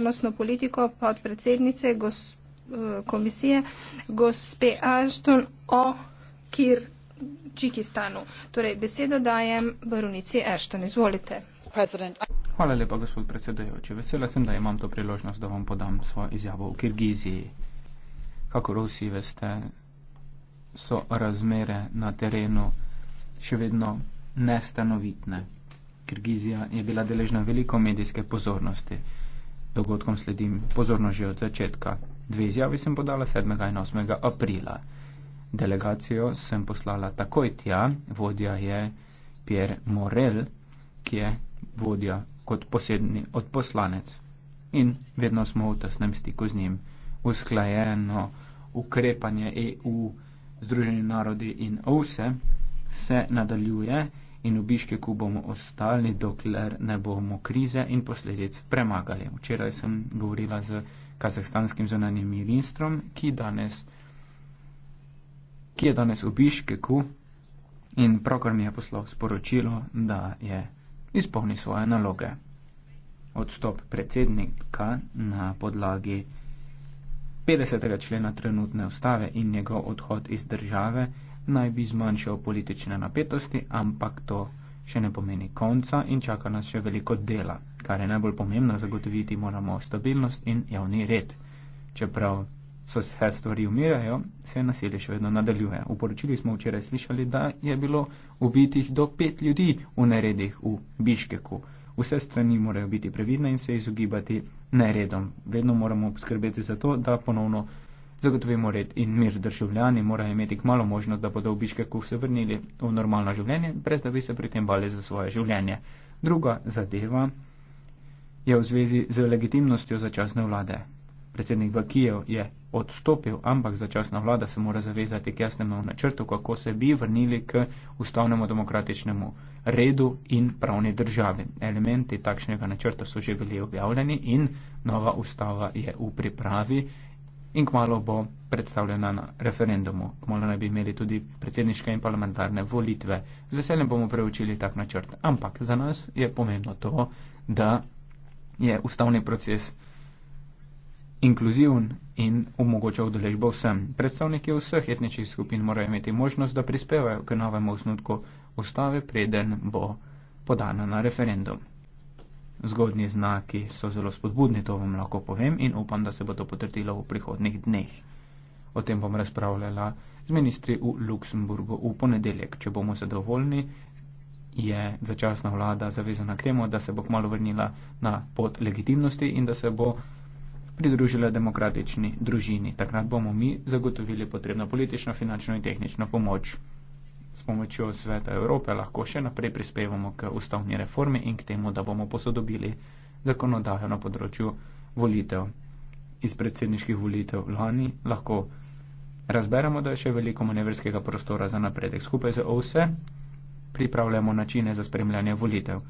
varnostno politiko podpredsednice gos, eh, komisije gospe Ashton o Kir Čikistanu. Torej, besedo dajem baronici Ashton. Izvolite. Hvala lepa, gospod predsedujoči. Vesela sem, da imam to priložnost, da vam podam svojo izjavo v Kirgiziji. Kako vsi veste, so razmere na terenu še vedno nestanovitne. Kirgizija je bila deležna veliko medijske pozornosti dogodkom sledim pozorno že od začetka. Dve izjavi sem podala 7. in 8. aprila. Delegacijo sem poslala takoj tja, vodja je Pierre Morel, ki je vodja kot posebni odposlanec. In vedno smo v tesnem stiku z njim. Usklajeno ukrepanje EU, Združeni narodi in OVSE se nadaljuje in v Biškeku bomo ostali, dokler ne bomo krize in posledic premagali. Včeraj sem govorila z kazahstanskim zunanjim ministrom, ki, danes, ki je danes v Biškeku in pravkar mi je poslal sporočilo, da je izpolnil svoje naloge. Odstop predsednika na podlagi 50. člena trenutne ustave in njegov odhod iz države naj bi zmanjšal politične napetosti, ampak to še ne pomeni konca in čaka nas še veliko dela. Kar je najbolj pomembno, zagotoviti moramo stabilnost in javni red. Čeprav so se stvari umirajo, se nasilje še vedno nadaljuje. V poročili smo včeraj slišali, da je bilo ubitih do pet ljudi v neredih v Biškeku. Vse strani morajo biti previdne in se izogibati neredom. Vedno moramo poskrbeti za to, da ponovno zagotovimo red in mir. Državljani morajo imeti kmalo možnost, da bodo obiške kuhce vrnili v normalno življenje, brez da bi se pri tem bali za svoje življenje. Druga zadeva je v zvezi z legitimnostjo začasne vlade. Predsednik Bakijev je odstopil, ampak začasna vlada se mora zavezati k jasnemu načrtu, kako se bi vrnili k ustavnemu demokratičnemu redu in pravni državi. Elementi takšnega načrta so že bili objavljeni in nova ustava je v pripravi in kmalo bo predstavljena na referendumu. Kmalo naj bi imeli tudi predsedniške in parlamentarne volitve. Z veseljem bomo preučili tak načrt. Ampak za nas je pomembno to, da je ustavni proces inkluziven in omogoča udeležbo vsem. Predstavniki vseh etničnih skupin morajo imeti možnost, da prispevajo k novemu osnutku ustave, preden bo podana na referendum zgodni znaki so zelo spodbudni, to vam lahko povem in upam, da se bo to potrdilo v prihodnih dneh. O tem bom razpravljala z ministri v Luksemburgu v ponedeljek. Če bomo zadovoljni, je začasna vlada zavezana k temu, da se bo kmalo vrnila na pot legitimnosti in da se bo pridružila demokratični družini. Takrat bomo mi zagotovili potrebno politično, finančno in tehnično pomoč s pomočjo Sveta Evrope lahko še naprej prispevamo k ustavni reformi in k temu, da bomo posodobili zakonodajo na področju volitev. Iz predsedniških volitev lani lahko razberemo, da je še veliko manevrskega prostora za napredek. Skupaj z OVSE pripravljamo načine za spremljanje volitev.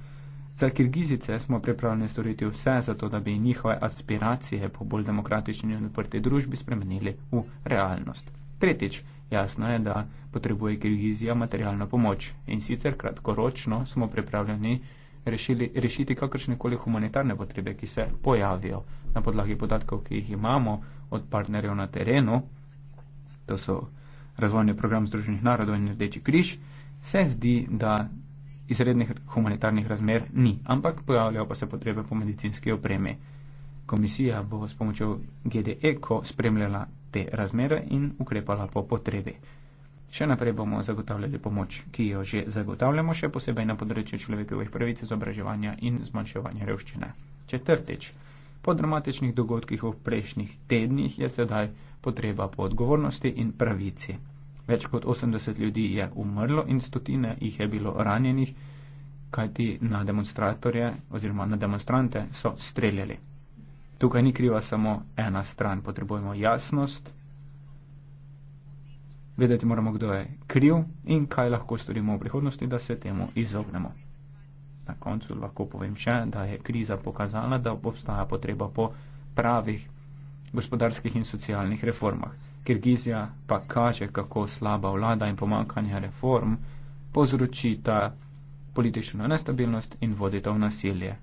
Za Kirgizice smo pripravljeni storiti vse, zato da bi njihove aspiracije po bolj demokratični in odprti družbi spremenili v realnost. Tretjič, Jasno je, da potrebuje Kirgizija materialno pomoč in sicer kratkoročno smo pripravljeni rešili, rešiti kakršne koli humanitarne potrebe, ki se pojavijo na podlagi podatkov, ki jih imamo od partnerjev na terenu, to so razvojni program Združenih narodov in Rdeči križ, se zdi, da izrednih humanitarnih razmer ni, ampak pojavljajo pa se potrebe po medicinski opremi. Komisija bo s pomočjo GDE-ko spremljala te razmere in ukrepala po potrebi. Še naprej bomo zagotavljali pomoč, ki jo že zagotavljamo, še posebej na področju človekovih pravic, izobraževanja in zmanjševanja revščine. Četrtič. Po dramatičnih dogodkih v prejšnjih tednih je sedaj potreba po odgovornosti in pravici. Več kot 80 ljudi je umrlo in stotine jih je bilo ranjenih, kajti na demonstratorje oziroma na demonstrante so streljali tukaj ni kriva samo ena stran, potrebujemo jasnost, vedeti moramo, kdo je kriv in kaj lahko storimo v prihodnosti, da se temu izognemo. Na koncu lahko povem še, da je kriza pokazala, da obstaja potreba po pravih gospodarskih in socialnih reformah. Kirgizija pa kaže, kako slaba vlada in pomankanje reform povzročita politično nestabilnost in vodita v nasilje.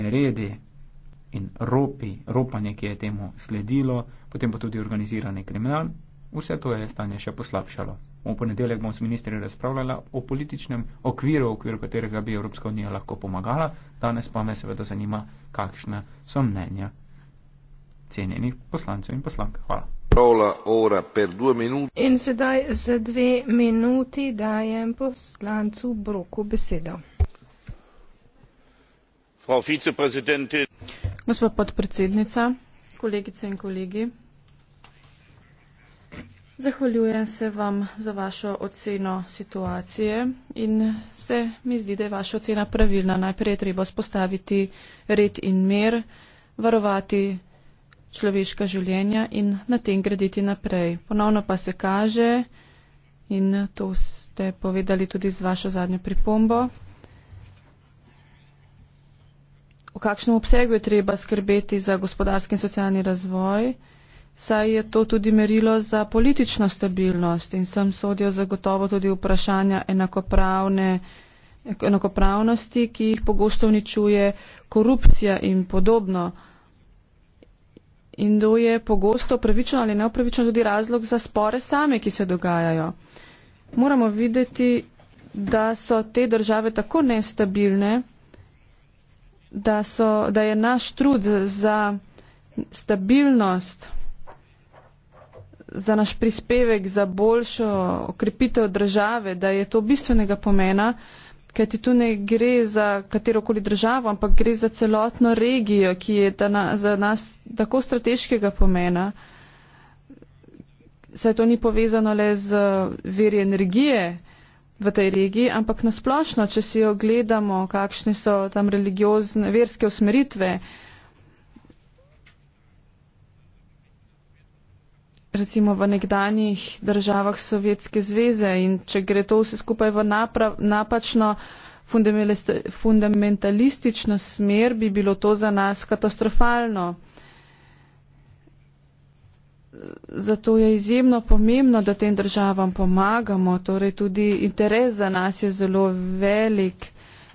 Neredi in ropi, ropanje, ki je temu sledilo, potem pa tudi organizirani kriminal, vse to je stanje še poslabšalo. V ponedeljek bom s ministri razpravljala o političnem okviru, v okviru katerega bi Evropska unija lahko pomagala, danes pa me seveda zanima, kakšna so mnenja cenjenih poslancev in poslank. Hvala. In sedaj za dve minuti dajem poslancu Broku besedo. Frau Vizepräsidentin. Gospod podpredsednica, kolegice in kolegi, zahvaljujem se vam za vašo oceno situacije in se mi zdi, da je vaša ocena pravilna. Najprej je treba spostaviti red in mer, varovati človeška življenja in na tem graditi naprej. Ponovno pa se kaže in to ste povedali tudi z vašo zadnjo pripombo, v kakšnem obsegu je treba skrbeti za gospodarski in socialni razvoj, saj je to tudi merilo za politično stabilnost in sem sodijo zagotovo tudi vprašanja enakopravne enakopravnosti, ki jih pogosto uničuje korupcija in podobno. In to je pogosto pravično ali neopravično tudi razlog za spore same, ki se dogajajo. Moramo videti, da so te države tako nestabilne, da, so, da je naš trud za stabilnost, za naš prispevek za boljšo okrepitev države, da je to bistvenega pomena, ker ti tu ne gre za katerokoli državo, ampak gre za celotno regijo, ki je na, za nas tako strateškega pomena, saj to ni povezano le z veri energije, v tej regiji, ampak nasplošno, če si jo gledamo, kakšne so tam religiozne, verske usmeritve. recimo v nekdanjih državah Sovjetske zveze in če gre to vse skupaj v napačno fundamentalistično smer, bi bilo to za nas katastrofalno zato je izjemno pomembno, da tem državam pomagamo. Torej tudi interes za nas je zelo velik.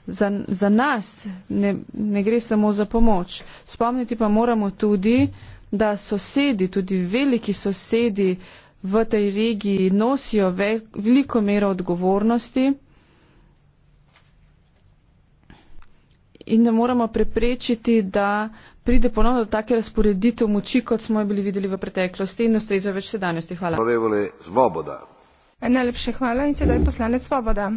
Za, za nas ne, ne gre samo za pomoč. Spomniti pa moramo tudi, da sosedi, tudi veliki sosedi v tej regiji nosijo ve, veliko mero odgovornosti in da moramo preprečiti, da pride ponovno do take razporeditev moči, kot smo jo bili videli v preteklosti in ustreza več sedanjosti. Hvala. Najlepše hvala in sedaj poslanec Svoboda.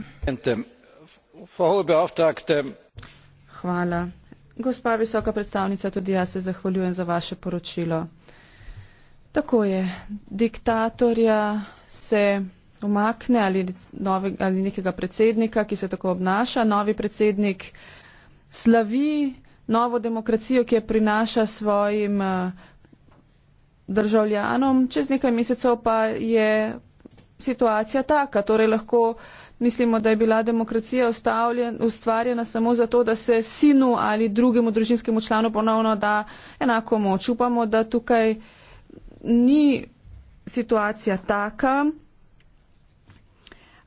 Hvala. Gospa visoka predstavnica, tudi jaz se zahvaljujem za vaše poročilo. Tako je, diktatorja se umakne ali, novi, ali nekega predsednika, ki se tako obnaša, novi predsednik slavi novo demokracijo, ki jo prinaša svojim eh, državljanom, čez nekaj mesecev pa je situacija taka. Torej lahko mislimo, da je bila demokracija ustvarjena samo zato, da se sinu ali drugemu družinskemu članu ponovno da enako moč. Upamo, da tukaj ni situacija taka,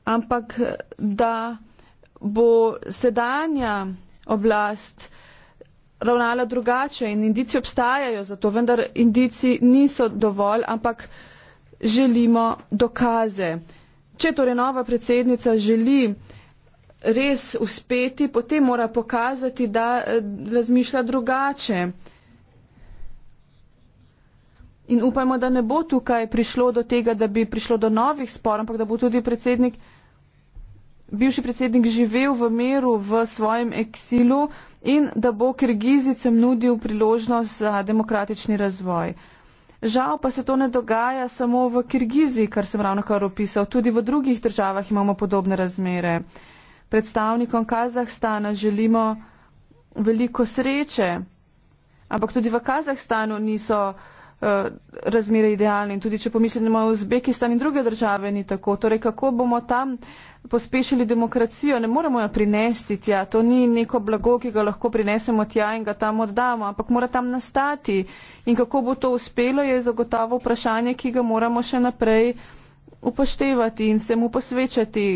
ampak da bo sedanja oblast ravnala drugače in indici obstajajo za to, vendar indici niso dovolj, ampak želimo dokaze. Če torej nova predsednica želi res uspeti, potem mora pokazati, da eh, razmišlja drugače. In upajmo, da ne bo tukaj prišlo do tega, da bi prišlo do novih spor, ampak da bo tudi predsednik bivši predsednik živel v miru v svojem eksilu in da bo Kirgizicem nudil priložnost za demokratični razvoj. Žal pa se to ne dogaja samo v Kirgizi, kar sem ravno kar opisal, tudi v drugih državah imamo podobne razmere. Predstavnikom Kazahstana želimo veliko sreče, ampak tudi v Kazahstanu niso uh, razmere idealne in tudi če pomislimo v Uzbekistan in druge države ni tako. Torej, kako bomo tam uh, pospešili demokracijo, ne moremo jo prinesti tja. To ni neko blago, ki ga lahko prinesemo tja in ga tam oddamo, ampak mora tam nastati. In kako bo to uspelo, je zagotovo vprašanje, ki ga moramo še naprej upoštevati in se mu posvečati.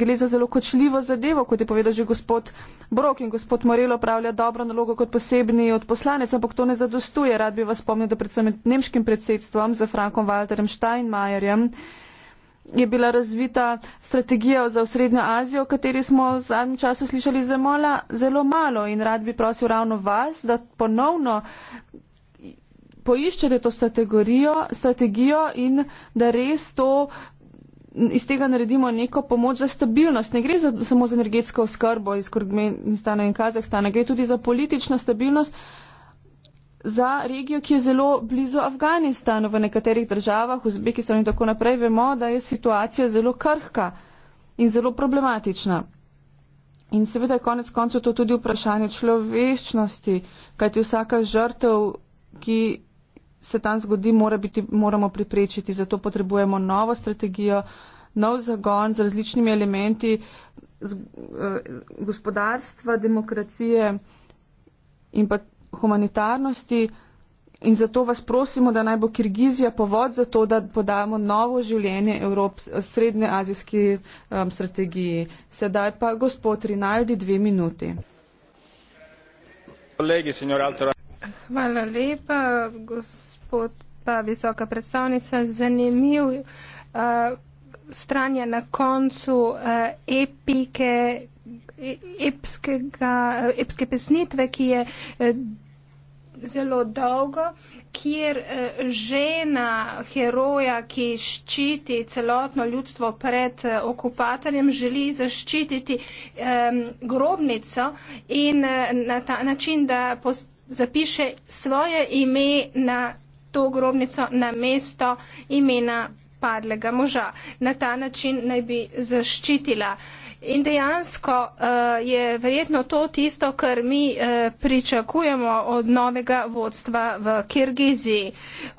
Gre za zelo kočljivo zadevo, kot je povedal že gospod Brok in gospod Morelo pravlja dobro nalogo kot posebni odposlanec, ampak to ne zadostuje. Rad bi vas spomnil, da predvsem nemškim predsedstvom za Frankom Walterem Steinmeierjem je bila razvita strategija za Srednjo Azijo, o kateri smo v zadnjem času slišali zemola, zelo malo in rad bi prosil ravno vas, da ponovno poiščete to strategijo in da res to iz tega naredimo neko pomoč za stabilnost. Ne gre za, samo za energetsko oskrbo iz Kurgmenistana in Kazahstana, gre tudi za politično stabilnost za regijo, ki je zelo blizu Afganistanu, v nekaterih državah, Uzbekistanu in tako naprej, vemo, da je situacija zelo krhka in zelo problematična. In seveda je konec koncu to tudi vprašanje človeščnosti, kajti vsaka žrtev, ki se tam zgodi, mora biti, moramo priprečiti. Zato potrebujemo novo strategijo, nov zagon z različnimi elementi z, eh, gospodarstva, demokracije in pa humanitarnosti in zato vas prosimo, da naj bo Kirgizija povod za to, da podamo novo življenje srednje azijski um, strategiji. Sedaj pa gospod Rinaldi dve minuti. Kolegi, Hvala lepa, gospod pa visoka predstavnica. Zanimiv uh, stran je na koncu uh, epike epskega, epske pesnitve, ki je eh, zelo dolgo, kjer eh, žena heroja, ki ščiti celotno ljudstvo pred eh, okupatorjem, želi zaščititi um, grobnico in na ta način, da zapiše svoje ime na to grobnico, na mesto imena padlega moža. Na ta način naj bi zaščitila uh, In dejansko uh, je verjetno to tisto, kar mi uh, pričakujemo od novega vodstva v Kirgiziji.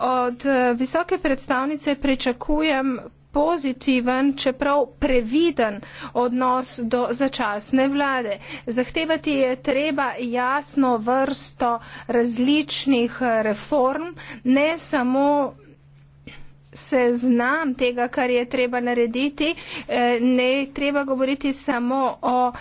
Od uh, visoke predstavnice pričakujem pozitiven, čeprav previden odnos do začasne vlade. Zahtevati je treba jasno vrsto različnih reform, ne samo seznam tega, kar je treba narediti. Eh, ne treba govoriti samo o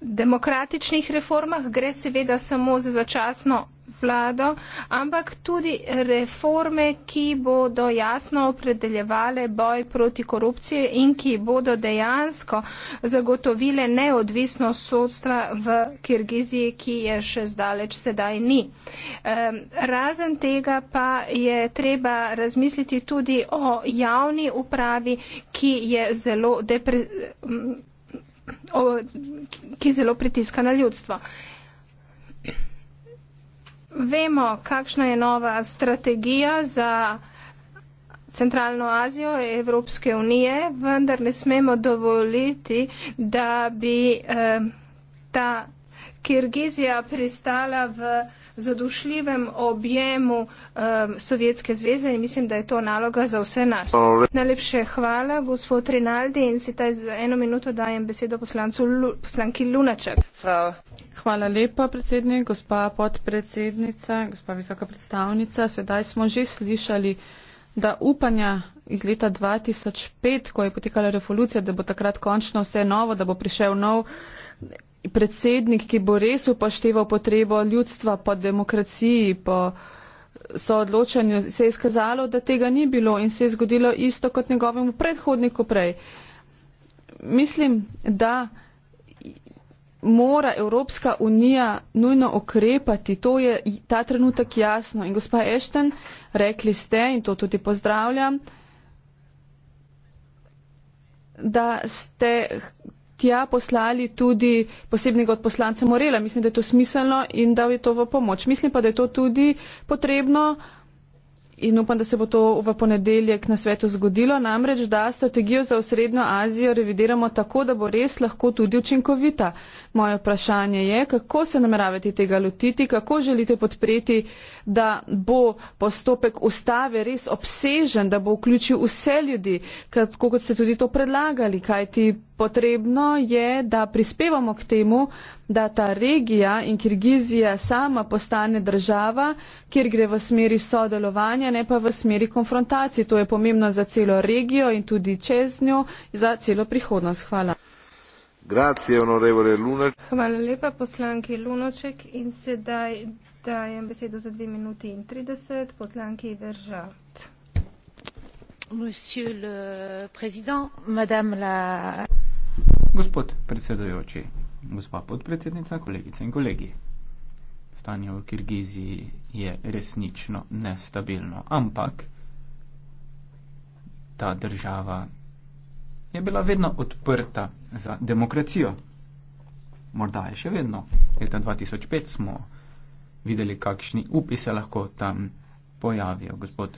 demokratičnih reformah, gre seveda samo za začasno vlado, ampak tudi reforme, ki bodo jasno opredeljevale boj proti korupciji in ki bodo dejansko zagotovile neodvisnost sodstva v Kirgiziji, ki je še zdaleč sedaj ni. Um, razen tega pa je treba razmisliti tudi o javni upravi, ki je zelo, depre, um, o, ki zelo pritiska na ljudstvo vemo, kakšna je nova strategija za Centralno Azijo Evropske unije, vendar ne smemo dovoliti, da bi eh, ta Kirgizija pristala v zadušljivem objemu eh, Sovjetske zveze in mislim, da je to naloga za vse nas. Najlepše hvala, gospod Rinaldi, in si taj za eno minuto dajem besedo poslancu, poslanki Lunaček. Frau. Hvala lepa, predsednik, gospa podpredsednica, gospa visoka predstavnica. Sedaj smo že slišali, da upanja iz leta 2005, ko je potekala revolucija, da bo takrat končno vse novo, da bo prišel nov predsednik, ki bo res upošteval potrebo ljudstva po demokraciji, po soodločanju, se je izkazalo, da tega ni bilo in se je zgodilo isto kot njegovemu predhodniku prej. Mislim, da mora Evropska unija nujno okrepati, to je ta trenutek jasno. In gospa Ešten, rekli ste, in to tudi pozdravljam, da ste tja poslali tudi posebnega odposlanca Morela. Mislim, da je to smiselno in da je to v pomoč. Mislim pa, da je to tudi potrebno in upam, da se bo to v ponedeljek na svetu zgodilo, namreč, da strategijo za osrednjo Azijo revidiramo tako, da bo res lahko tudi učinkovita. Moje vprašanje je, kako se nameravate tega lotiti, kako želite podpreti, da bo postopek ustave res obsežen, da bo vključil vse ljudi, kako kot ste tudi to predlagali, kaj ti potrebno je, da prispevamo k temu, da ta regija in Kirgizija sama postane država, kjer gre v smeri sodelovanja, ne pa v smeri konfrontacij. To je pomembno za celo regijo in tudi čez njo za celo prihodnost. Hvala. Grazie, Hvala lepa poslanki Lunoček in sedaj dajem besedo za 2 minuti in 30 poslanki Veržat. Monsieur le Président, Madame la Gospod predsedujoči, gospa podpredsednica, kolegice in kolegi. Stanje v Kirgiziji je resnično nestabilno, ampak ta država je bila vedno odprta za demokracijo. Morda je še vedno. Leta 2005 smo videli, kakšni upi se lahko tam pojavijo. Gospod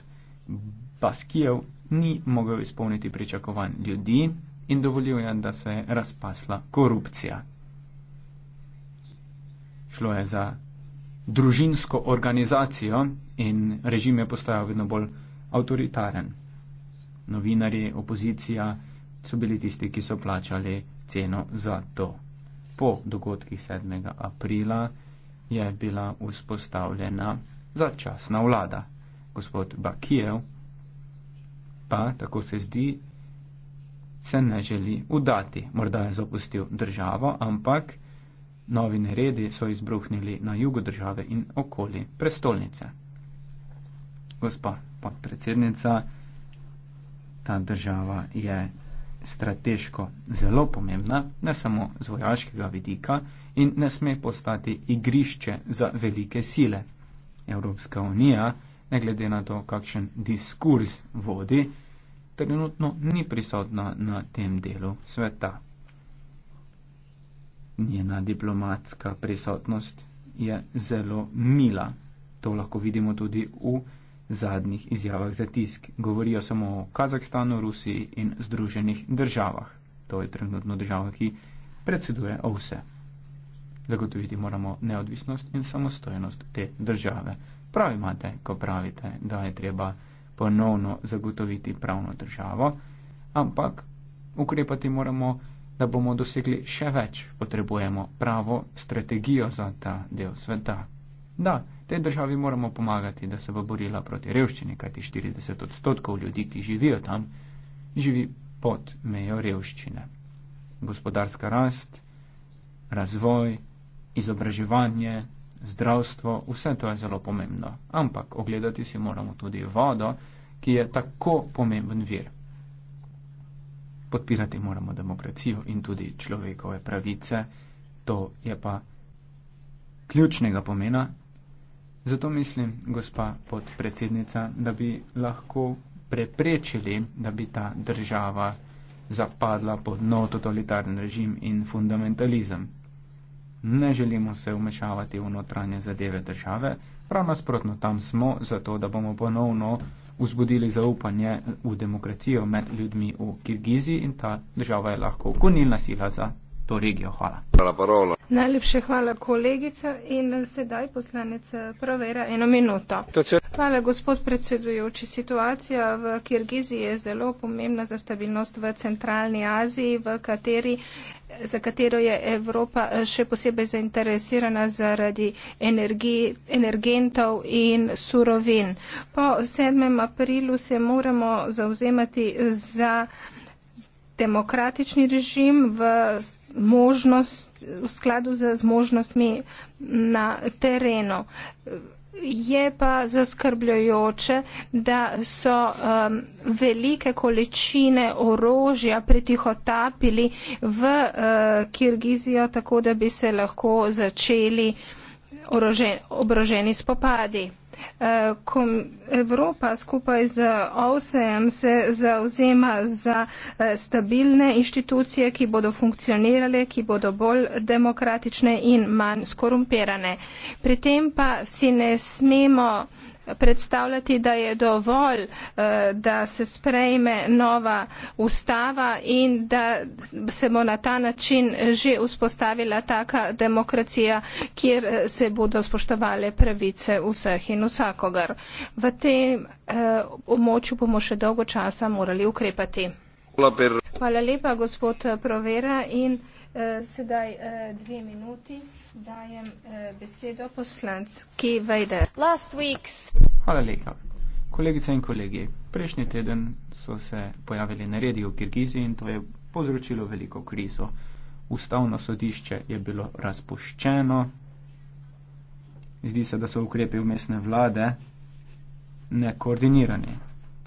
Baskijev ni mogel izpolniti pričakovanj ljudi, in dovolil je, da se je razpasla korupcija. Šlo je za družinsko organizacijo in režim je postajal vedno bolj avtoritaren. Novinari, opozicija so bili tisti, ki so plačali ceno za to. Po dogodkih 7. aprila je bila vzpostavljena začasna vlada. Gospod Bakijev pa, tako se zdi, se ne želi udati. Morda je zapustil državo, ampak novi neredi so izbruhnili na jugu države in okoli prestolnice. Gospa podpredsednica, ta država je strateško zelo pomembna, ne samo z vojaškega vidika in ne sme postati igrišče za velike sile. Evropska unija, ne glede na to, kakšen diskurs vodi, trenutno ni prisotna na tem delu sveta. Njena diplomatska prisotnost je zelo mila. To lahko vidimo tudi v zadnjih izjavah za tisk. Govorijo samo o Kazahstanu, Rusiji in Združenih državah. To je trenutno država, ki predseduje OVSE. Zagotoviti moramo neodvisnost in samostojnost te države. Prav imate, ko pravite, da je treba ponovno zagotoviti pravno državo, ampak ukrepati moramo, da bomo dosegli še več, potrebujemo pravo strategijo za ta del sveta. Da, tej državi moramo pomagati, da se bo borila proti revščini, kajti 40 odstotkov ljudi, ki živijo tam, živi pod mejo revščine. Gospodarska rast, razvoj, izobraževanje, zdravstvo, vse to je zelo pomembno. Ampak ogledati si moramo tudi vodo, ki je tako pomemben vir. Podpirati moramo demokracijo in tudi človekove pravice, to je pa ključnega pomena. Zato mislim, gospa podpredsednica, da bi lahko preprečili, da bi ta država zapadla pod nov totalitarni režim in fundamentalizem ne želimo se vmešavati v notranje zadeve države, prav nasprotno tam smo, zato da bomo ponovno vzbudili zaupanje v demokracijo med ljudmi v Kirgizi in ta država je lahko konilna sila za to regijo. Hvala. hvala Najlepše hvala, kolegica. In sedaj poslanec provera eno minuto. Hvala, gospod predsedujoči. Situacija v Kirgiziji je zelo pomembna za stabilnost v centralni Aziji, v kateri za katero je Evropa eh, še posebej zainteresirana zaradi energi, energentov in surovin. Po 7. aprilu se moramo zauzemati za demokratični režim v, možnost, v skladu z možnostmi na terenu. Je pa zaskrbljujoče, da so um, velike količine orožja pretihotapili v uh, Kirgizijo, tako da bi se lahko začeli oboroženi spopadi ko Evropa skupaj z OSEM se zauzema za eh, stabilne inštitucije, ki bodo funkcionirale, ki bodo bolj demokratične in manj skorumpirane. Pri tem pa si ne smemo predstavljati, da je dovolj, eh, da se sprejme nova ustava in da se bo na ta način že vzpostavila taka demokracija, kjer se bodo spoštovale pravice vseh in vsakogar. V tem eh, območju bomo še dolgo časa morali ukrepati. Hvala lepa, gospod Provera. In, eh, Sedaj dve minuti. Dajem eh, besedo poslanski Vajder. Last week's. Hvala lepa. Kolegice in kolegi, prejšnji teden so se pojavili neredi v Kirgiziji in to je povzročilo veliko krizo. Ustavno sodišče je bilo razpoščeno. Zdi se, da so ukrepi umestne vlade nekoordinirani.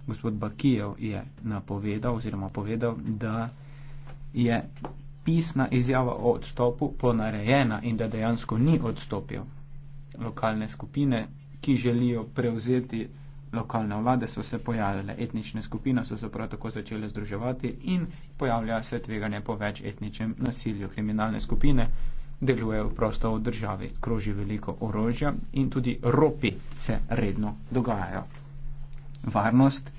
Gospod Bakijev je napovedal oziroma povedal, da je pisna izjava o odstopu ponarejena in da dejansko ni odstopil. Lokalne skupine, ki želijo prevzeti lokalne vlade, so se pojavile, etnične skupine so se prav tako začele združevati in pojavlja se tveganje po več etničnem nasilju. Kriminalne skupine delujejo prosto v državi, kroži veliko orožja in tudi ropi se redno dogajajo. Varnost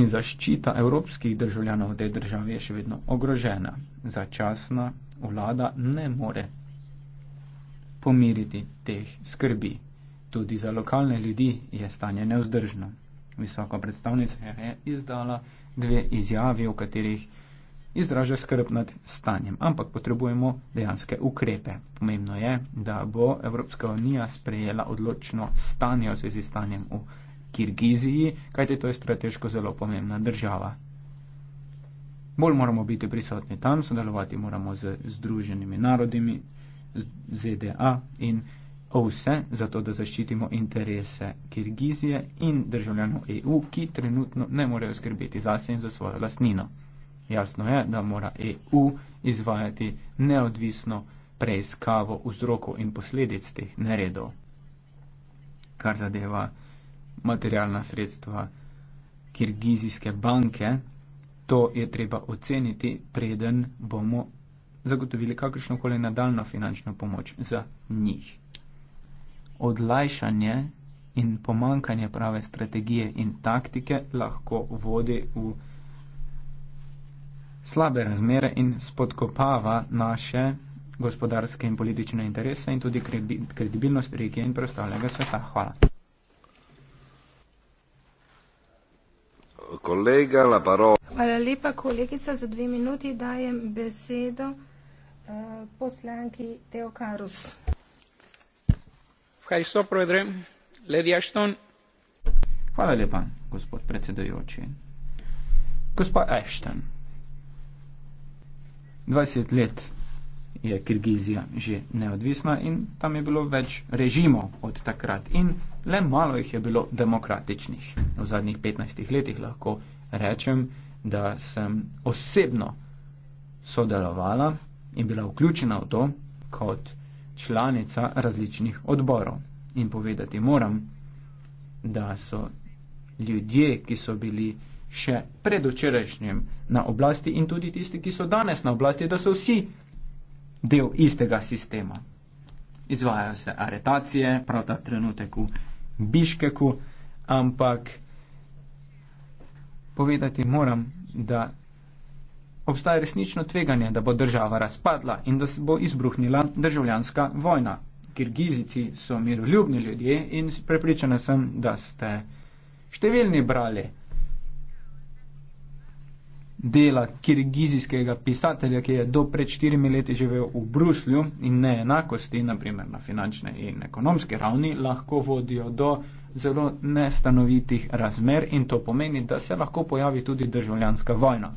in zaščita evropskih državljanov v tej državi je še vedno ogrožena. Začasna vlada ne more pomiriti teh skrbi. Tudi za lokalne ljudi je stanje neuzdržno. Visoka predstavnica je izdala dve izjavi, v katerih izraža skrb nad stanjem, ampak potrebujemo dejanske ukrepe. Pomembno je, da bo Evropska unija sprejela odločno stanje v zvezi s stanjem v Evropi. Kirgiziji, kajte to je strateško zelo pomembna država. Bolj moramo biti prisotni tam, sodelovati moramo z Združenimi narodimi, ZDA in vse, zato da zaščitimo interese Kirgizije in državljanov EU, ki trenutno ne morejo skrbeti zase in za svojo lastnino. Jasno je, da mora EU izvajati neodvisno preiskavo vzrokov in posledic teh neredov. Kar zadeva materialna sredstva kirgizijske banke. To je treba oceniti, preden bomo zagotovili kakršno koli nadaljno finančno pomoč za njih. Odlajšanje in pomankanje prave strategije in taktike lahko vodi v slabe razmere in spodkopava naše gospodarske in politične interese in tudi kredibilnost regije in preostalega sveta. Hvala. kolega, la parola. Hvala lepa, kolegica. Za dve minuti dajem besedo uh, poslanki Teokarus. Hvala lepa, gospod predsedojoči. Gospa Ashton, 20 let je Kirgizija že neodvisna in tam je bilo več režimov od takrat in le malo jih je bilo demokratičnih. V zadnjih 15 letih lahko rečem, da sem osebno sodelovala in bila vključena v to kot članica različnih odborov. In povedati moram, da so ljudje, ki so bili še predvčerajšnjem na oblasti in tudi tisti, ki so danes na oblasti, da so vsi del istega sistema. Izvajajo se aretacije, prav ta trenutek v Biškeku, ampak povedati moram, da obstaja resnično tveganje, da bo država razpadla in da se bo izbruhnila državljanska vojna. Kirgizici so miroljubni ljudje in prepričana sem, da ste številni brali dela kirgizijskega pisatelja, ki je do pred štirimi leti živel v Bruslju in neenakosti, naprimer na finančne in ekonomske ravni, lahko vodijo do zelo nestanovitih razmer in to pomeni, da se lahko pojavi tudi državljanska vojna.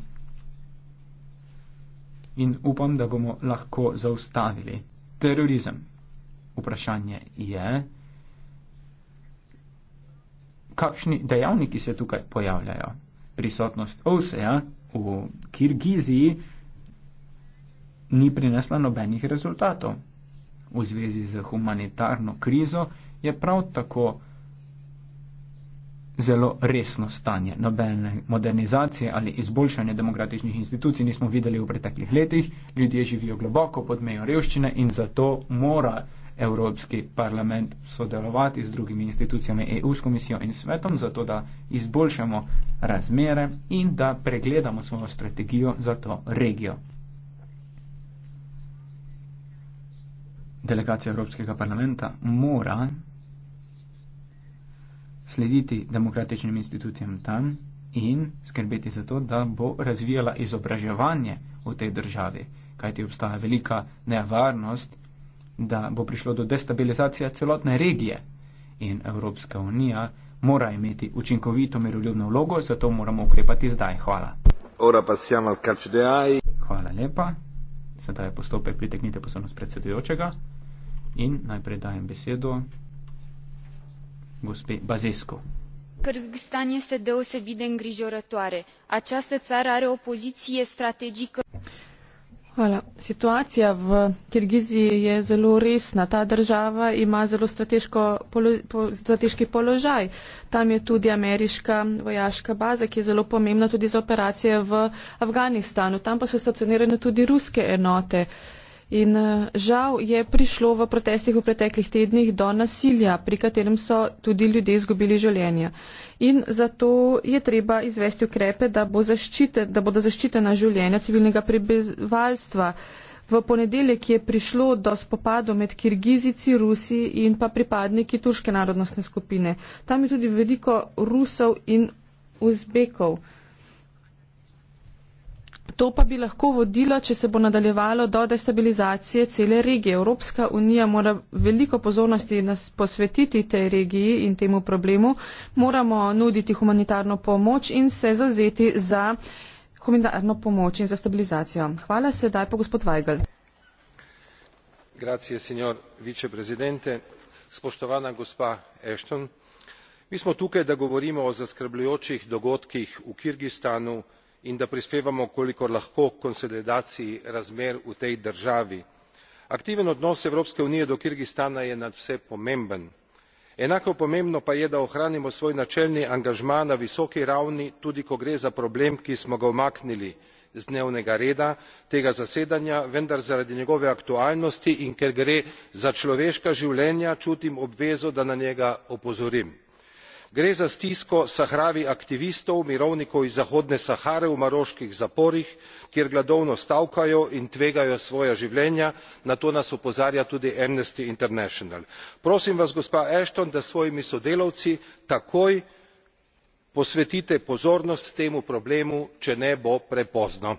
In upam, da bomo lahko zaustavili terorizem. Vprašanje je, kakšni dejavniki se tukaj pojavljajo. Prisotnost OSEA, v Kirgiziji ni prinesla nobenih rezultatov. V zvezi z humanitarno krizo je prav tako zelo resno stanje. Nobene modernizacije ali izboljšanje demokratičnih institucij nismo videli v preteklih letih. Ljudje živijo globoko pod mejo revščine in zato morajo Evropski parlament sodelovati z drugimi institucijami EU, s komisijo in svetom, zato da izboljšamo razmere in da pregledamo svojo strategijo za to regijo. Delegacija Evropskega parlamenta mora slediti demokratičnim institucijam tam in skrbeti za to, da bo razvijala izobraževanje v tej državi, kajti obstaja velika nevarnost, da bo prišlo do destabilizacije celotne regije. In Evropska unija mora imeti učinkovito miroljubno vlogo, zato moramo ukrepati zdaj. Hvala. Hvala lepa. Sedaj je postopek priteknite pozornost predsedujočega in najprej dajem besedo gospe Bazesko. Kyrgyzstan este deosebit de îngrijorătoare. Această țară are o poziție strategică. Hvala. Situacija v Kirgiziji je zelo resna. Ta država ima zelo polo, po, strateški položaj. Tam je tudi ameriška vojaška baza, ki je zelo pomembna tudi za operacije v Afganistanu. Tam pa so stacionirane tudi ruske enote. Uh, In eh, žal je prišlo v protestih v preteklih tednih do nasilja, pri katerem so tudi ljudje izgubili življenja. In zato je treba izvesti ukrepe, da, bo zaščite, da bodo zaščitena življenja civilnega prebivalstva. V ponedeljek je prišlo do spopado med kirgizici, rusi in pa pripadniki turške narodnostne skupine. Tam je tudi veliko rusov in uzbekov. To pa bi lahko vodilo, če se bo nadaljevalo do destabilizacije cele regije. Evropska unija mora veliko pozornosti nas posvetiti tej regiji in temu problemu. Moramo nuditi humanitarno pomoč in se zauzeti za humanitarno pomoč in za stabilizacijo. Hvala se, daj pa gospod Weigl. Grazie, signor viceprezidente. Spoštovana gospa Ashton, mi smo tukaj, da govorimo o zaskrbljujočih dogodkih v Kyrgyzstanu, in da prispevamo kolikor lahko h konsolidaciji razmer v tej državi. aktiven odnos evropske unije do kirgistana je nadvse pomemben enako pomembno pa je da ohranimo svoj načelni angažma na visoki ravni tudi ko gre za problem ki smo ga umaknili z dnevnega reda tega zasedanja vendar zaradi njegove aktualnosti in ker gre za človeška življenja čutim obvezo da na njega opozorim gre za stisko sahravi aktivistov mirovnikov iz zahodne sahare v maroških zaporih kjer gladovno stavkajo in tvegajo svoja življenja na to nas opozarja tudi amnesty international. prosim vas gospa ashton da s svojimi sodelavci takoj posvetite pozornost temu problemu če ne bo prepozno.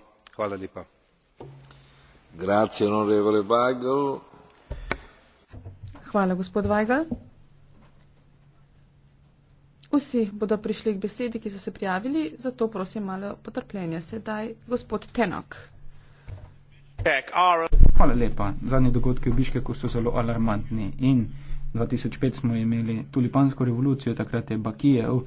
Vsi bodo prišli k besedi, ki so se prijavili, zato prosim malo potrpljenja. Sedaj gospod Tenok. Hvala lepa. Zadnji dogodki v Biškeku so zelo alarmantni. In 2005 smo imeli tulipansko revolucijo, takrat je Bakijev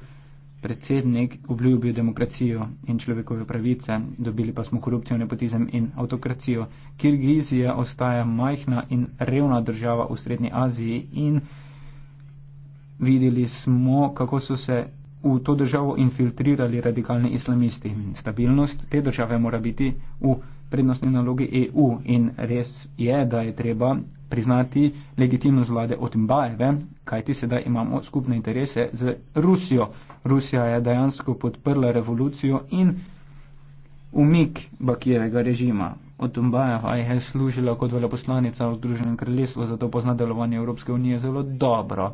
predsednik obljubil demokracijo in človekove pravice, dobili pa smo korupcijo, nepotizem in avtokracijo. Kirgizija ostaja majhna in revna država v Srednji Aziji in videli smo, kako so se v to državo infiltrirali radikalni islamisti. Stabilnost te države mora biti v prednostni nalogi EU in res je, da je treba priznati legitimnost vlade Otimbajeve, kajti sedaj imamo skupne interese z Rusijo. Rusija je dejansko podprla revolucijo in umik Bakijevega režima. Otimbajeva je služila kot veleposlanica v Združenem kraljestvu, zato pozna delovanje Evropske unije zelo dobro.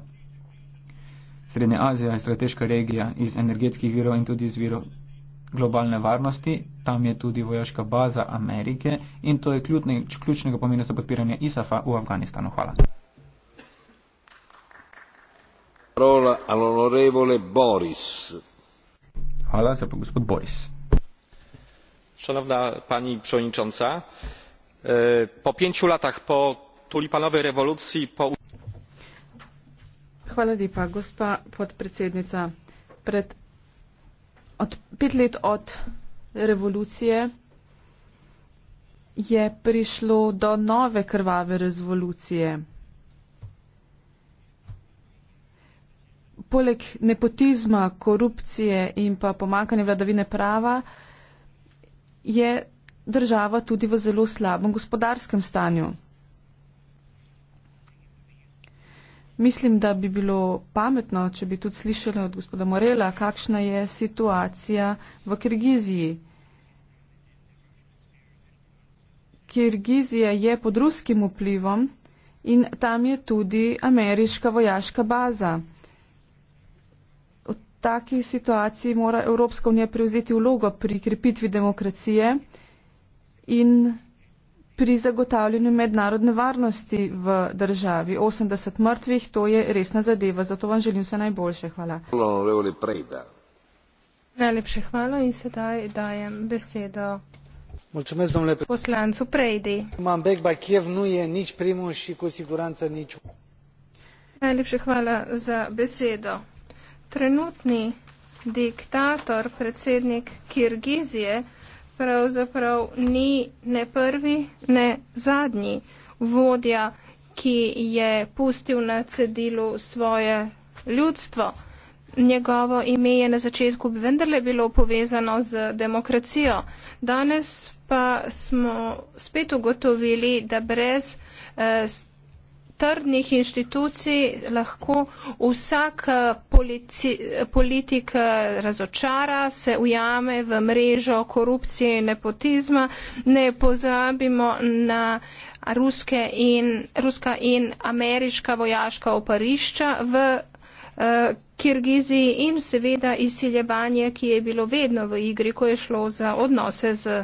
Srednja Azija je strateška regija iz energetskih virov in tudi iz virov globalne varnosti, tam je tudi vojaška baza Amerike in to je ključne, ključnega pomena za podpiranje ISAF-a v Afganistanu. Hvala. Boris. Hvala za gospod Boris. Šanovna pani predsednica, e, po petih letih po tulipanovi revoluciji, po Hvala lepa, gospa podpredsednica. Pred od, pet let od revolucije je prišlo do nove krvave revolucije. Poleg nepotizma, korupcije in pa pomankanja vladavine prava je država tudi v zelo slabem gospodarskem stanju. Mislim, da bi bilo pametno, če bi tudi slišali od gospoda Morela, kakšna je situacija v Kirgiziji. Kirgizija je pod ruskim vplivom in tam je tudi ameriška vojaška baza. V takih situacijah mora Evropska unija prevzeti vlogo pri krepitvi demokracije in pri zagotavljanju mednarodne varnosti v državi. 80 mrtvih, to je resna zadeva, zato vam želim vse najboljše. Hvala. Najlepše hvala in sedaj dajem besedo. Mulțumesc, domnule poslancu Preidi. Imam bec, ba Kiev nu e nici primul și cu siguranță nici... Najlepše hvala za besedo. Trenutni diktator, predsednik Kirgizije, pravzaprav ni ne prvi, ne zadnji vodja, ki je pustil na cedilu svoje ljudstvo. Njegovo ime je na začetku vendarle bilo povezano z demokracijo. Danes pa smo spet ugotovili, da brez eh, trdnih inštitucij lahko vsak eh, politi, politik eh, razočara, se ujame v mrežo korupcije in nepotizma. Ne pozabimo na ruske in, ruska in ameriška vojaška oparišča v eh, Kirgiziji in seveda izsiljevanje, ki je bilo vedno v igri, ko je šlo za odnose z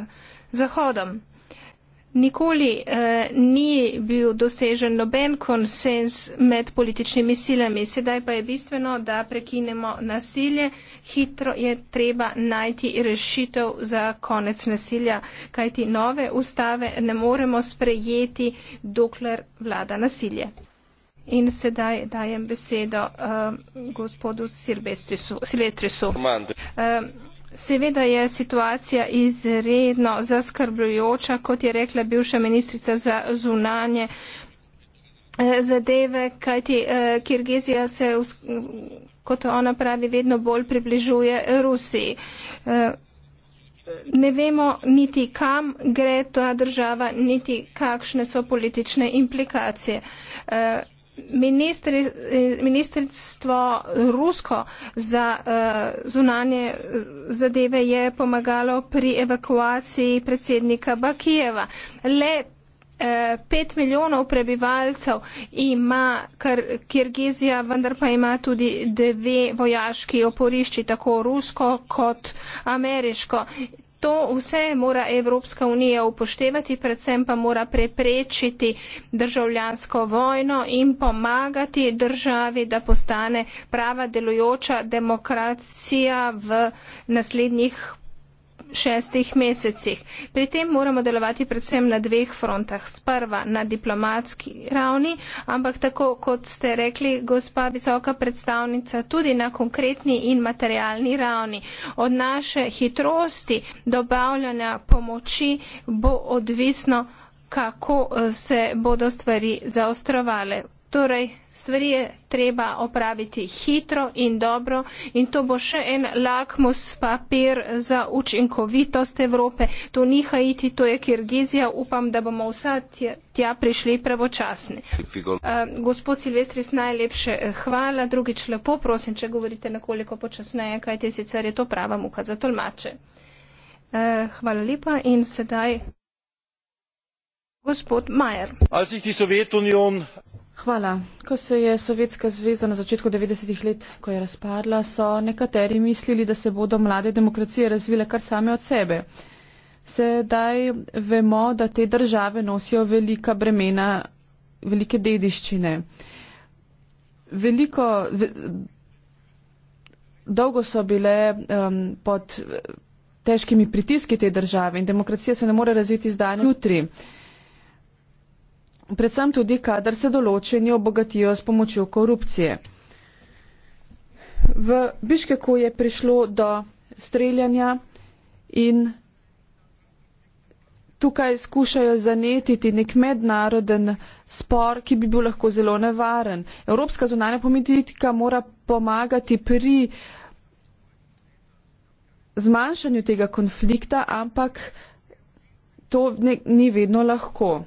Zahodom. Nikoli eh, ni bil dosežen noben konsens med političnimi silami. Sedaj pa je bistveno, da prekinemo nasilje. Hitro je treba najti rešitev za konec nasilja, kajti nove ustave ne moremo sprejeti, dokler vlada nasilje. In sedaj dajem besedo eh, gospodu Silvestrisu. Silvestrisu. Eh, Seveda je situacija izredno zaskrbljujoča, kot je rekla bivša ministrica za zunanje eh, zadeve, kajti eh, Kirgizija se, kot ona pravi, vedno bolj približuje Rusiji. Eh, ne vemo niti kam gre ta država, niti kakšne so politične implikacije ministrstvo rusko za uh, zunanje zadeve je pomagalo pri evakuaciji predsednika Bakijeva. Le eh, pet uh, milijonov prebivalcev ima kar, Kirgizija, vendar pa ima tudi dve vojaški oporišči, tako rusko kot ameriško to vse mora Evropska unija upoštevati, predvsem pa mora preprečiti državljansko vojno in pomagati državi, da postane prava delujoča demokracija v naslednjih šestih mesecih. Pri tem moramo delovati predvsem na dveh frontah. Sprva na diplomatski ravni, ampak tako kot ste rekli, gospa visoka predstavnica, tudi na konkretni in materialni ravni. Od naše hitrosti dobavljanja pomoči bo odvisno kako eh, se bodo stvari zaostrovale. Torej, stvari je treba opraviti hitro in dobro in to bo še en lakmus papir za učinkovitost Evrope. To ni Haiti, to je Kirgizija. Upam, da bomo vsa tja, tja prišli pravočasni. Uh, gospod Silvestris, najlepše eh, hvala. Drugič lepo prosim, če govorite nekoliko počasneje, kajte sicer je to prava muka za tolmače. Uh, hvala lepa in sedaj. Gospod Majer. Hvala. Ko se je Sovjetska zveza na začetku 90-ih let, ko je razpadla, so nekateri mislili, da se bodo mlade demokracije razvile kar same od sebe. Sedaj vemo, da te države nosijo velika bremena, velike dediščine. Veliko, ve, dolgo so bile um, pod težkimi pritiski te države in demokracija se ne more razviti zdaj in jutri. Uh, predvsem tudi, kadar se določeni obogatijo s pomočjo korupcije. V Biškeku je prišlo do streljanja in tukaj skušajo zanetiti nek mednaroden spor, ki bi bil lahko zelo nevaren. Evropska zunanja politika mora pomagati pri zmanjšanju tega konflikta, ampak to ne, ni vedno lahko.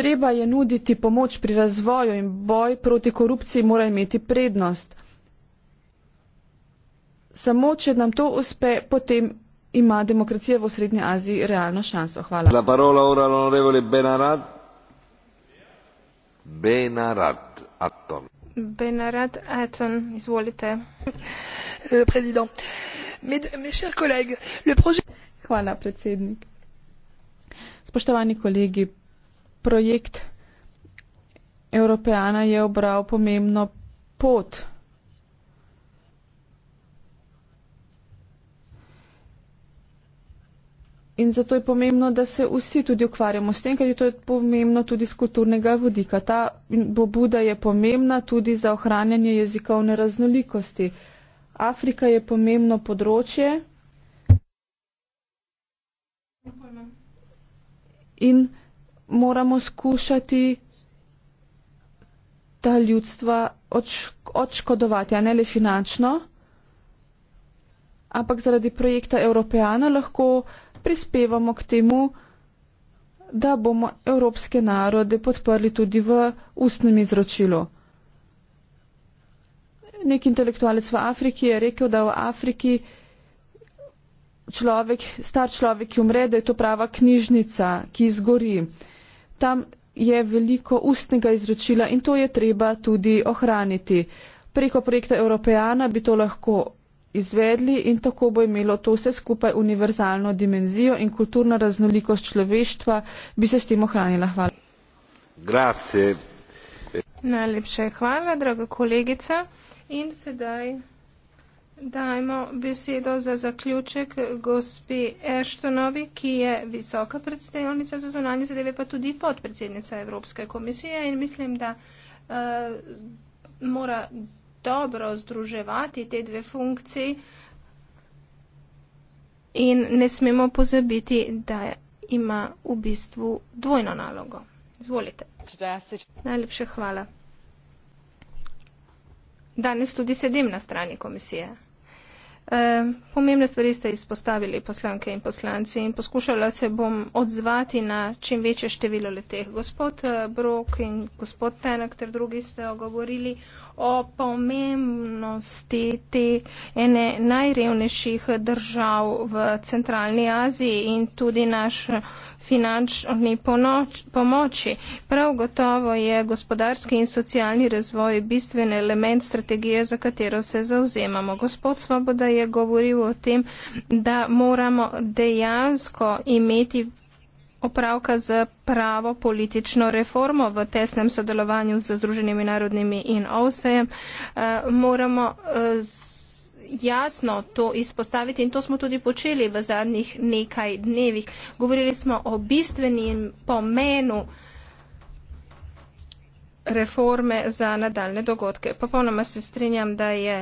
Treba je nuditi pomoč pri razvoju in boj proti korupciji mora imeti prednost. Samo, če nam to uspe, potem ima demokracija v Srednji Aziji realno šanso. Hvala. La parola ora l'onorevole Benarad. Benarad Atton. Benarad Atton, izvolite. Le président. Mes, mes chers collègues, le projet... Hvala, predsednik. Spoštovani kolegi, projekt Evropejana je obral pomembno pot. In zato je pomembno, da se vsi tudi ukvarjamo s tem, ker je to pomembno tudi z kulturnega vodika. Ta pobuda je pomembna tudi za ohranjanje jezikovne raznolikosti. Afrika je pomembno področje in moramo skušati ta ljudstva odšk odškodovati, a ne le finančno, ampak zaradi projekta Evropejana lahko prispevamo k temu, da bomo evropske narode podprli tudi v ustnem izročilu. Nek intelektualec v Afriki je rekel, da v Afriki človek, star človek, ki umre, da je to prava knjižnica, ki izgori tam je veliko ustnega izročila in to je treba tudi ohraniti. Preko projekta Europeana bi to lahko izvedli in tako bo imelo to vse skupaj univerzalno dimenzijo in kulturna raznolikost človeštva bi se s tem ohranila. Hvala. Grazie. Najlepše hvala, draga kolegica. In sedaj Dajmo besedo za zaključek gospe Eštonovi, ki je visoka predstavnica za zonanje zadeve, pa tudi podpredsednica Evropske komisije in mislim, da uh, mora dobro združevati te dve funkciji in ne smemo pozabiti, da ima v bistvu dvojno nalogo. Izvolite. Najlepše hvala. Danes tudi sedim na strani komisije. Pomembne stvari ste izpostavili poslanke in poslanci in poskušala se bom odzvati na čim večje število leteh. Gospod eh, Brok in gospod Tenak ter drugi ste ogovorili o pomembnosti te ene najrevnejših držav v centralni Aziji in tudi naš finančni pomoč, pomoči. Prav gotovo je gospodarski in socialni razvoj bistven element strategije, za katero se zauzemamo. Gospod Svoboda je govoril o tem, da moramo dejansko imeti opravka z pravo politično reformo v tesnem sodelovanju z Združenimi narodnimi in OSEM, eh, moramo eh, jasno to izpostaviti in to smo tudi počeli v zadnjih nekaj dnevih. Govorili smo o bistvenim pomenu reforme za nadaljne dogodke. Popolnoma se strinjam, da je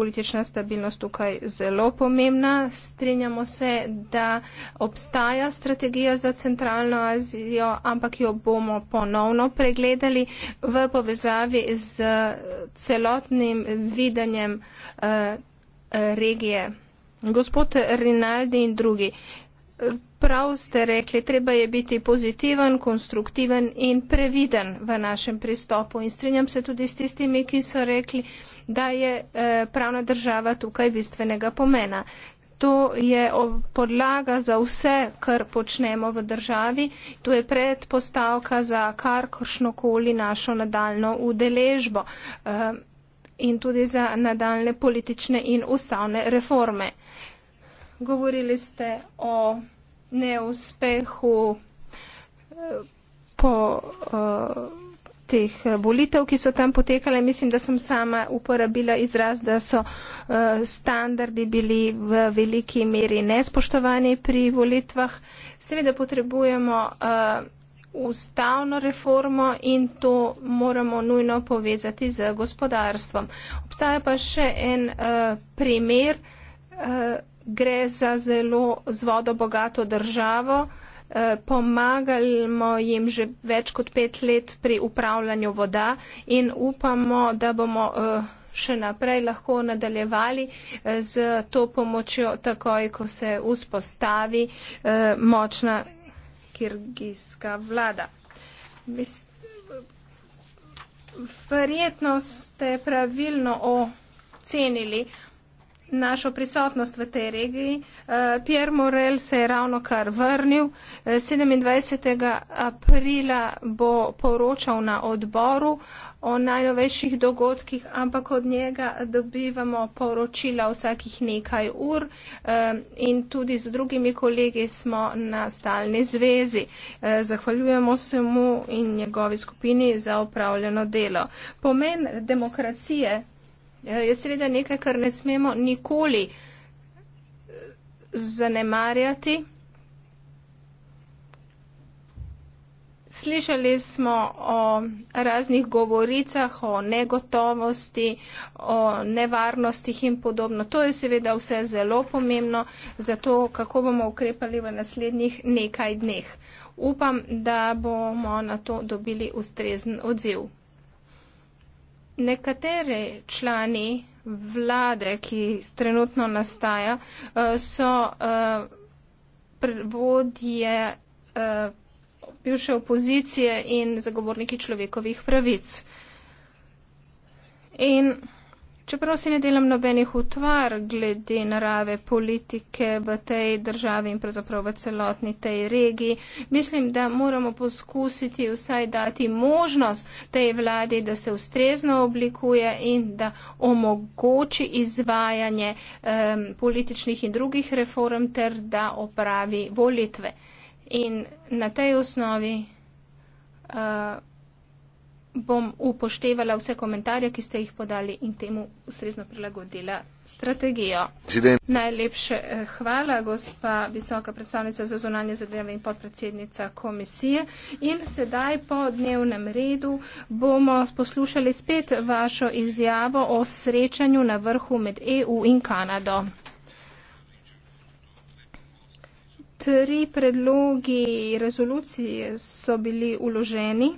politična stabilnost tukaj zelo pomembna. Strinjamo se, da obstaja strategija za centralno Azijo, ampak jo bomo ponovno pregledali v povezavi z celotnim videnjem eh, regije. Gospod Rinaldi in drugi. Prav ste rekli, treba je biti pozitiven, konstruktiven in previden v našem pristopu. In strinjam se tudi s tistimi, ki so rekli, da je eh, pravna država tukaj bistvenega pomena. To je podlaga za vse, kar počnemo v državi. To je predpostavka za kar košnokoli našo nadaljno udeležbo eh, in tudi za nadaljne politične in ustavne reforme. Govorili ste o neuspehu eh, po eh, teh volitev, ki so tam potekale. Mislim, da sem sama uporabila izraz, da so eh, standardi bili v veliki meri nespoštovani pri volitvah. Seveda potrebujemo ustavno reformo in to moramo nujno povezati z gospodarstvom. Obstaja pa še en uh, primer uh, gre za zelo z vodo bogato državo. Eh, Pomagamo jim že več kot pet let pri upravljanju voda in upamo, da bomo eh, še naprej lahko nadaljevali z eh, to pomočjo, takoj ko se vzpostavi močna kirgijska vlada. Verjetno ste pravilno ocenili, našo prisotnost v tej regiji. Eh, Pierre Morel se je ravno kar vrnil. 27. Eh, aprila bo poročal na odboru o najnovejših dogodkih, ampak od njega dobivamo poročila vsakih nekaj ur eh, in tudi z drugimi kolegi smo na stalni zvezi. Zahvaljujemo se mu in njegovi skupini za upravljeno delo. Pomen demokracije je ja, seveda nekaj, kar ne smemo nikoli eh, zanemarjati. Slišali smo o raznih govoricah, o negotovosti, o nevarnostih in podobno. To je seveda vse zelo pomembno za to, kako bomo ukrepali v naslednjih nekaj dneh. Upam, da bomo na to dobili ustrezen odziv nekatere člani vlade, ki trenutno nastaja, eh, so eh, vodje eh, bivše opozicije in zagovorniki človekovih pravic. In Čeprav si ne delam nobenih utvar glede narave politike v tej državi in pravzaprav v celotni tej regiji, mislim, da moramo poskusiti vsaj dati možnost tej vladi, da se ustrezno oblikuje in da omogoči izvajanje um, političnih in drugih reform ter da opravi volitve. In na tej osnovi. Uh, bom upoštevala vse komentarje, ki ste jih podali in temu ustrezno prilagodila strategijo. Zident. Najlepše eh, hvala, gospa visoka predstavnica za zonanje zadeve in podpredsednica komisije. In sedaj po dnevnem redu bomo poslušali spet vašo izjavo o srečanju na vrhu med EU in Kanado. Tri predlogi rezolucije so bili uloženi.